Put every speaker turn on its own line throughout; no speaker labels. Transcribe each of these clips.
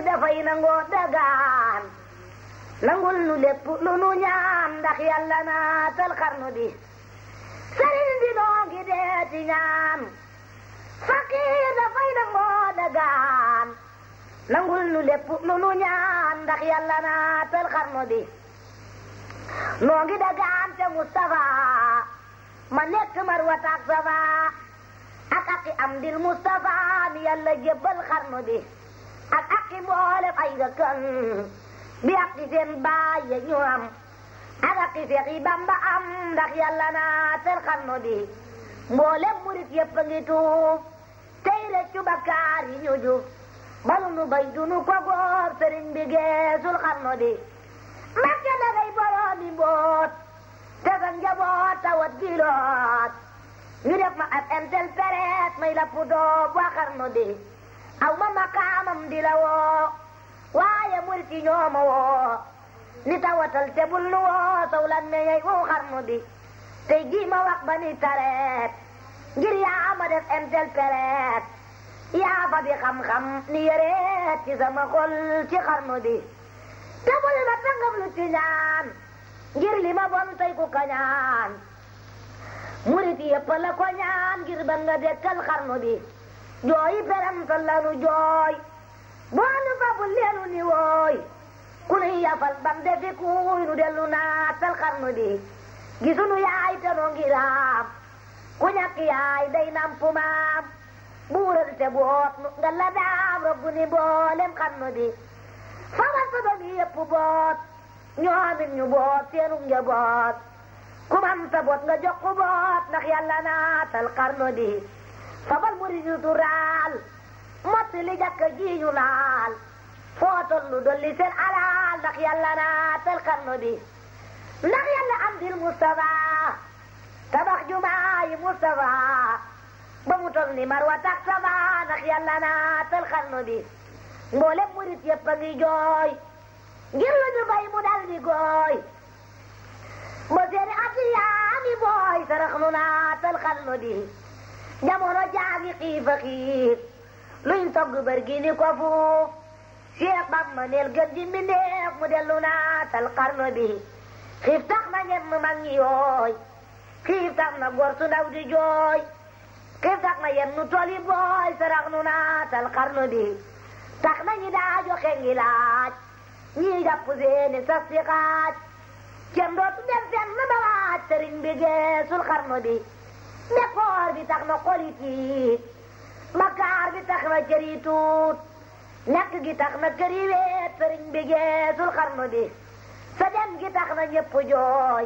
bi dafay nangoo dagaan nangul nu lépp lu nu ñaan ndax yàlla naatal xarnu bi sëriñ bi noo ngi deeti ñaan faqiir dafay nangoo dagaan nangul nu lépp lu nu ñaan ndax yàlla naatal xarnu bi noo ngi dagaan te Mustafa ma nekk marwat ak safa ak aqi am dir Mustafa mi yàlla jébbal xarnu bi ak ak i boole fay ga kan bi ak di seen baay ya am ak ak i bamba am ndax yàlla naa seen xarnu bi mboolem murit yëpp a tey rëccu bakkaar yi ñu jub balu nu bay du ko góor sëriñ bi geesul xarnu bi Mbàkke da ngay borom yi mboot te sa njaboot tawat giloot ñu def ma ab entel peret may la pudoo bu xarnu bi aw ma makaamam di la woo waaye murit yi ñoo woo ni tawatal te bul nu woo sowlan me yey wu xarnu bi tey gii ma wax ba ni tareet ngir yaa ma def entel pereet yaa fa bi xam-xam ni yëreet ci sama xol ci xarnu bi te bul ma tangam lu ci ñaan ngir li ma bon tey ku ka ñaan murit yëpp la ko ñaan ngir ba nga dekkal xarnu bi jooyi peram fa lanu jooy boonu fabu leenu ni wooy ku nuy yafal bam defi kuuy nu dellu naatal xarnu bi gisunu yaay te nu ngi ku ñàkk yaay day nampu maam buural boot nu nga la daam rabbu ni mboolem xarnu bi fawal fa ba mi yëpp boot ñoomin ñu boot seenu njaboot ku man sa boot nga jox ku boot ndax yàlla naatal xarnu bi sabal muridu du raal mottali jàkka ji ñu laal foo tollu dolli seen alal ndax yàlla naatal xarnu di ndax yàlla am dil Mustafa tabax jumaa yi Mustafa ba mu toll ni marwa tax safa ndax yàlla naatal xarnu bi mboolem murit yëpp a ngi jooy ngir lu ñu bay mu dal di gooy ba seeni at yaa ngi booy sarax nu naatal xarnu bi jamono jaafi xiif a xiif luñ togg bër gi ni ko fuuf Seex Bamba neel gën di mbindeef mu dellu naatal xarnu bi xiif tax na ñenn mag ñi yooy xiif tax na góor su ndaw di jooy xiif na yenn nu tool booy sarax nu naatal xarnu bi tax na ñi daa joxe ngi laaj ñii jàpp seeni xaaj kenn dootu dem fenn ba waaj sëriñ bi geesul xarnu bi effort bi tax na xol yi tiit makkaar bi tax na cër tuut ñàkk gi tax na kër yi weet sëriñ bi geesul xarnu bi sa dem gi tax na ñëpp jooy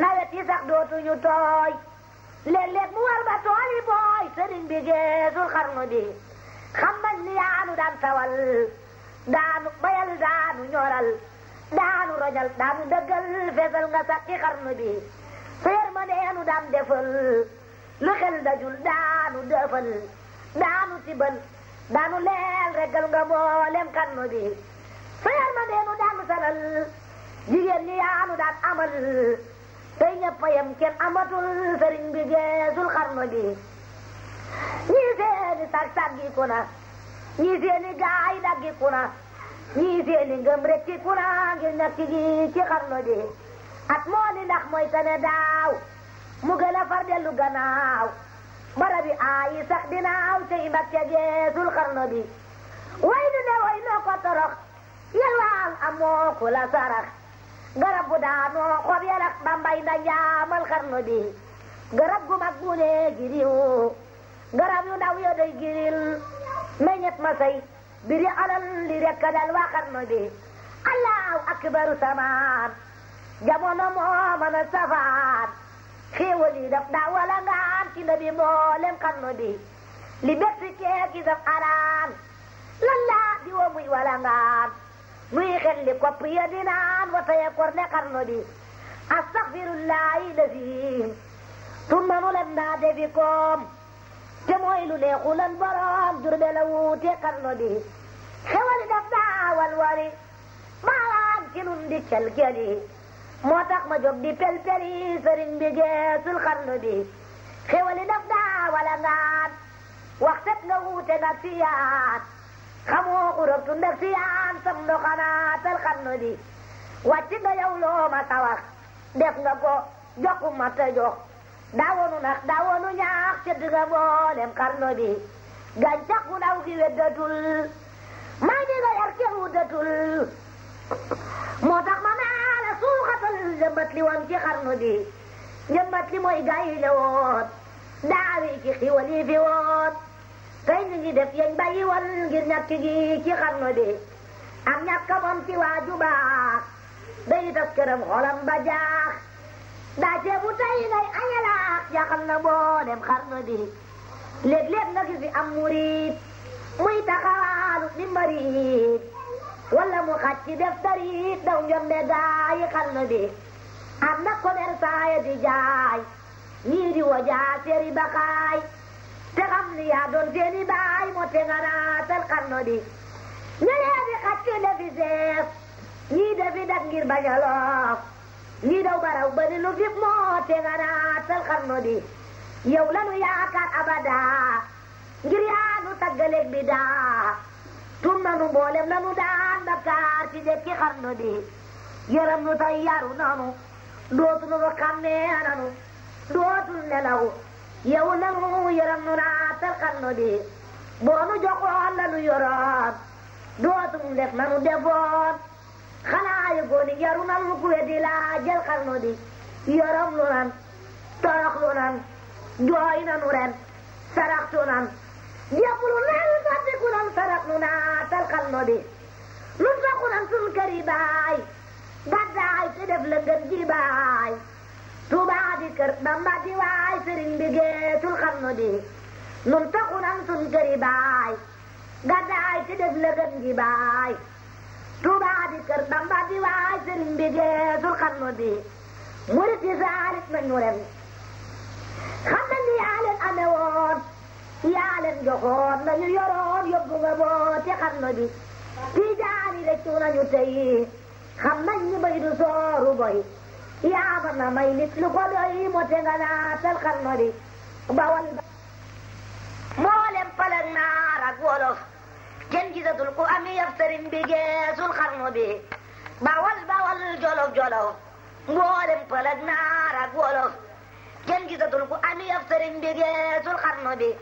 nawet yi sax dootuñu tooy léeg-léeg mu war booy sëriñ bi geesul xarnu bi xam nañ ni yaanu daan daanu bayal daanu ñoral daanu rojal daanu dëggal feesal nga sax ci xarnu bi su yërmande nu daan defal lu xel dajul daanu dëfal daanu tibal daanu leel regal nga mboolem kànnu bi sa yërmande nu daanu saral jigéen ñi yaanu daan amal tey ñëpp yem kenn amatul sëriñ bi geesul xarnu bi ñii seeni sag saggiku gaay daggiku na ñii seeni ngëm na ngir ñàkk ci xarnu bi at moo ni ndax mooy daaw mu gën a far dellu gannaaw bara bi aayi sax dina aw tey Mbàkke geesul xarnu bi way nu ne way noo ko torox yalwaan amoo ku la sarax garab bu daanoo xob ya rax ba mbay na njaamal xarnu bi garab gu mag bu ne giriw garab yu ndaw ya day giril meññet ma say biri alal li rekk dal waa xarnu bi allahu akbaru samaan jamono moo mën a safaan خي وليد افدا ولا غام في نبي مولم كان نبي لي كي لبسك كذا قران لا لا دي ومي ولا غام مي خلي كوبيا دي نعم وسيكورن كان نبي استغفر الله الذي ثم نلنا دي بكم تمويل لي خلن برام دور جرب لو تكن نبي خي وليد افدا والوري ما لا كنون دي كالجلي moo tax ma jóg di pelpeli sëriñ bi geesul xarnu bi xéwali daf daa wala ngaat wax set nga wuute nga siyaat xamoo ku tu ndax siyaan sam ndoxanaatal xarnu bi wàcc nga yow loo ma tawax def nga ko joxu ma te jox daawoonu nax daawoonu ñaax sedd nga mboolem xarnu bi gàncax gu ndaw gi weddatul may di nga yar ke wuddatul moo tax ma njëmbat li woon ci xarnu bi njëmbat li mooy gaa yi le woon daawi ci xiwal yi fi woon tey ñu ngi def yeñ bàyyi woon ngir ñàkk gi ci xarnu bi am ñàkk moom ci waaju baax day tas këram xolam ba jaax daa ceebu tey ngay añalaax jaaxal na boo dem xarnu bi léeg-léeg nga gis fi am murit muy taxawaalu di marit walla mu xàcc def tariit daw njombe gaa yi xarnu bi am na commerçant ya di jaay ñii di wajaa seeri bakaay te xam ni yaa doon seeni baay moo te nga naatal xarno di ñelee di xacc defi seef ñii defi dak ngir bañ a loof ñii daw baraw bari lu fi moo te nga naatal xarno di yow lanu yaakaar abada ngir yaa nu taggaleeg bi daa tun nanu mboolem lanu daan bakkaar ci jekki xarno di yaram nu tay yaru nanu dootuñu ba xàmmee ananu dootul nelaw yow la mu yaram nu naa tarxal nu di boo nu joxoon nu yoroon dootuñu nu defoon xanaa yëgoon ni yaru nan mu kuwe di laa jël nu nan torox lu nan jooy nanu ren saraxtu nan yëpp lu nan fàttiku nu naa tarxal nu di lu saxu nan sun kër baay ci def la gën ji baay Tuubaa di kër Bamba di waay sëriñ bi geetul xam nu di nun taxu nan sun këri baay gàddaay ci def la gën ji baay Tuubaa di kër Bamba di waay sëriñ bi geesul xam nu di murit yi saalit nañu ren xam na ni yaa leen amee woon yaa leen joxoon nañu yoroon yóbbu nga boo ci xam nu di tiijaan yi rëccu nañu tey خمني بيد صار بي يا بنا ما يلسل قلعي متغنا تلقى المري بوال مولم فلن نارك ولف جنجزة القوام يفترن بجاز القرن به بوال بوال جلو جلو مولم فلن نارك ولف جنجزة القوام يفترن بجاز القرن به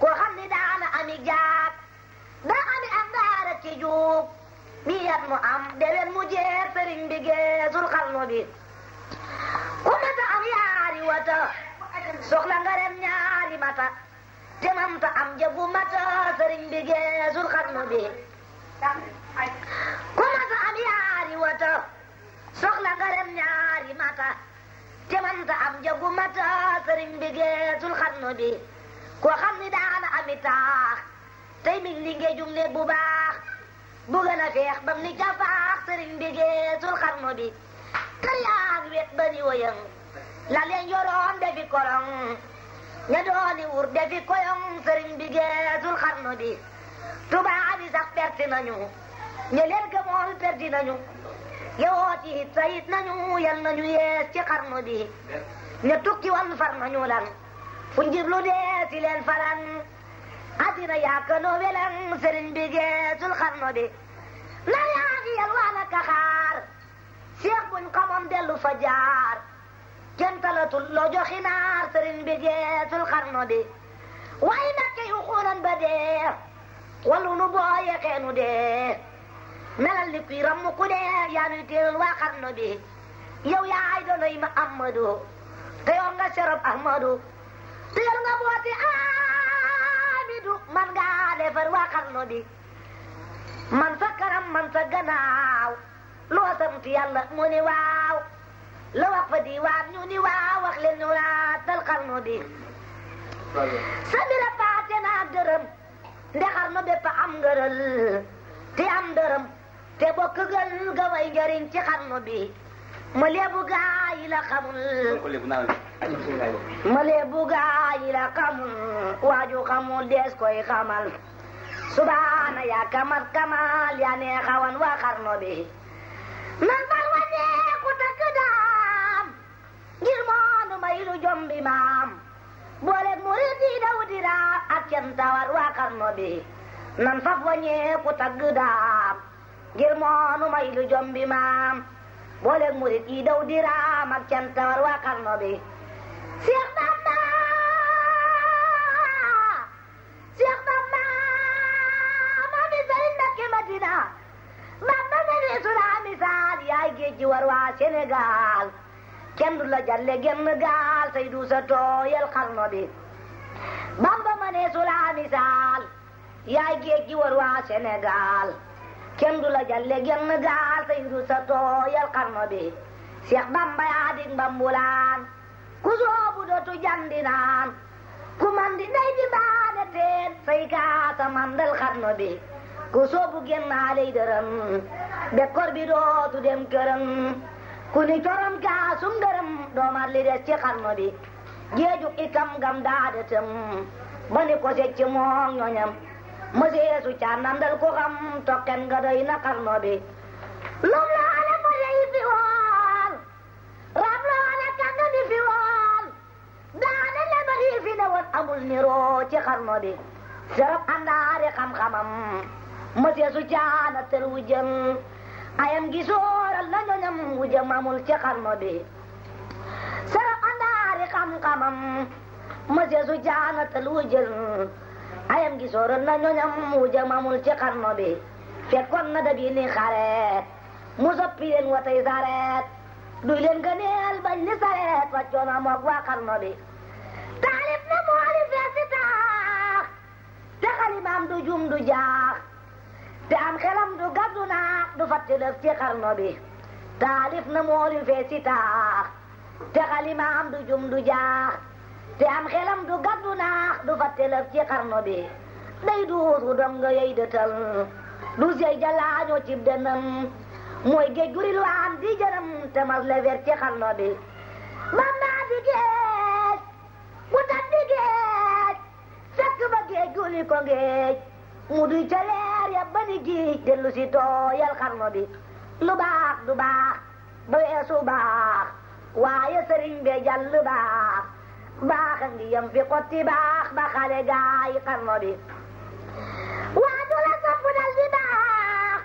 وخلد على أمي جاك ده أمي أمدارك يجوب bii at mu am déwén mu jeer sëriñ bi geesul xarnu bi ku mata am yaari wata soxla nga ren ñaari mata te mam am jëgu mata sëriñ bi geesul xarnu bi bi ko xam ni daana ami taax tey mi ngi liggéey jumle bu bu gën a feex bam ni jàppaax sëriñ bi geesul xarnu bi kër yaag wet ba ni woyang la leen yoroon defi korong ña dooni wur defi koyong sëriñ bi geesul xarnu bi tubaab yi sax perti nañu ña leen gëmoon perti nañu yewooti it sayit nañu nañu yees tukki wan far lan fu njiblu dee si leen faran àddina yàkkanu welam sëriñ bi geesul xarnu bi na yaa ngi yalwaan ak xaar seex buñ xamoon dellu fa jaar kenn talatul loo joxi naar bi geesul xarnu bi waaye nag yu xuunan ba dee wallu nu booye xeenu dee melal ni kuy ramm ku dee yaa nuy teel waa xarnu bi yow yaay doonoy ma Amadu te yor nga serab Amadu te yor nga boote ah man ngaa defar waa xarnu bi man sa karam man sa gannaaw loo sant yàlla mu ni waaw la wax fa di waat ñu ni waaw wax leen ñu naatal xarnu bi sa bira paate naa dërëm nde xarnu bépp am ngërël te am dërëm te bokk gël ga way njëriñ ci xarnu bi mu lebu gaa yi la xamul mële bu gaayi la waaju xamul dees koy xamal subaana yaa kamat kamal yaa ne xawan wa xarno bi nan fal waneeku takk daam ngir moonu may lu jombi maam booleeg murid yi daw ak cen tawar wa xarno bi nan faf waneeku takk daam ngir moonu may lu jombi maam booleeg murid yi daw ak cen tawar wa xarno bi Sénégal kenn du la jàlle genn gaal say du sa tooyal xarno Bamba ma ne su misaal yaay géej gi war waa Sénégal kenn du la jàlle genn gaal say du sa tooyal xarno bi Bamba yaa di mbambulaan ku soobu dootu jandi naan ku mandi day di mbaane teen fay kaata mandal xarnu bi ku soobu génnaaley dërëm bekkoor bi dootu dem këram ku ni corom kaasum dërëm doomat li des ci xarnu bi jeeju ikam gam daadatam ba ni ko secc moom ñoñam mëseesu ca nandal ko xam tokken nga doy na xarnu bi lum la amul niroo ci xarno bi serab àndaari xam-xamam ayam gi sóoral la ñoñam wu jëm amul ci xarno bi serab àndaari xam-xamam mësee su caana tër wu ayam gi sóoral la ñoñam wu jëm amul ci xarno bi fekkoon na dabi ni xareet mu soppi watay sareet duy leen gëneel bañ ni sareet wàccoona moog waa xarno bi du jum du jaax te am xelam du gaddu naax du fatti ci xarno bi taalif na moolu fee taax te xalima am du jum du jaax te am xelam du gaddu naax du fatti ci xarno bi day duusu donga yey dëtal du sey jalaañoo cib dënam mooy géej guril waan di jëram te lever ci xarno bi mam di géej guli ko géej mudu jaler ya bani di delu si to yal karno bi lu baax du baax ba weesu baax be ngi yam fi ba xale bi la dal di baax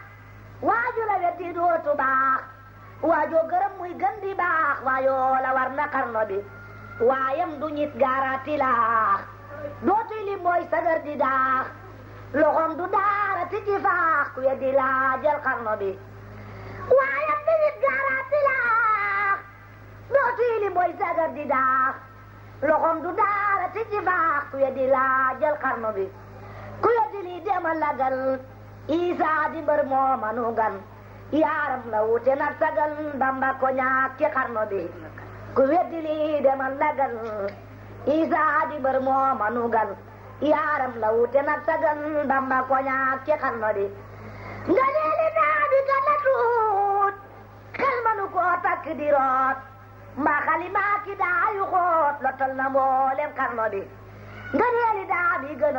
bah, la wetti dootu baax waajoo gërëm muy gën di baax waayoo la war na xarnu bi waayam du nit garati laax dootuy li mooy sagar di daax loxoom du daara ti ku ya di laajal xarno bi waayam di nit gaaraati laax dootuy li mooy sagar di daax loxoom du daara ti ku ya di laajal xarno bi ku ya di lii demal lagal isaa di mbër moo yaaram na wute nag sagal bamba ko ñaak bi ku weddi lii demal lagal isa di bër moo manu gan yaaram la wute nag sa bamba ko ci xan no di nga neeli naa bi ka na tuut xel root mbaa xalimaa ki daayu xoot lotal na mboolem xan no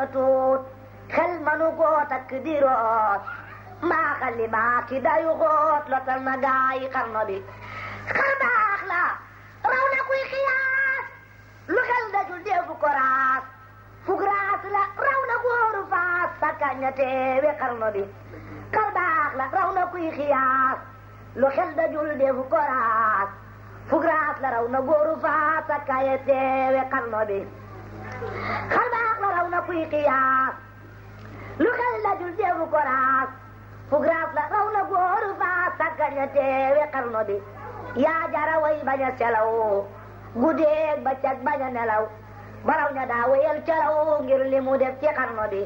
a tuut root mbaa xalimaa ki daayu kañ la teewe xarnu bi xar la lu xel dajul defu ko raas ko raas fukk la raw na góoru faas ak teewe xarnu bi yaa jara way bañ a selaw guddeeg ba cag bañ a nelaw baraw ña daa wéyal caraw ngir li mu ci xarnu bi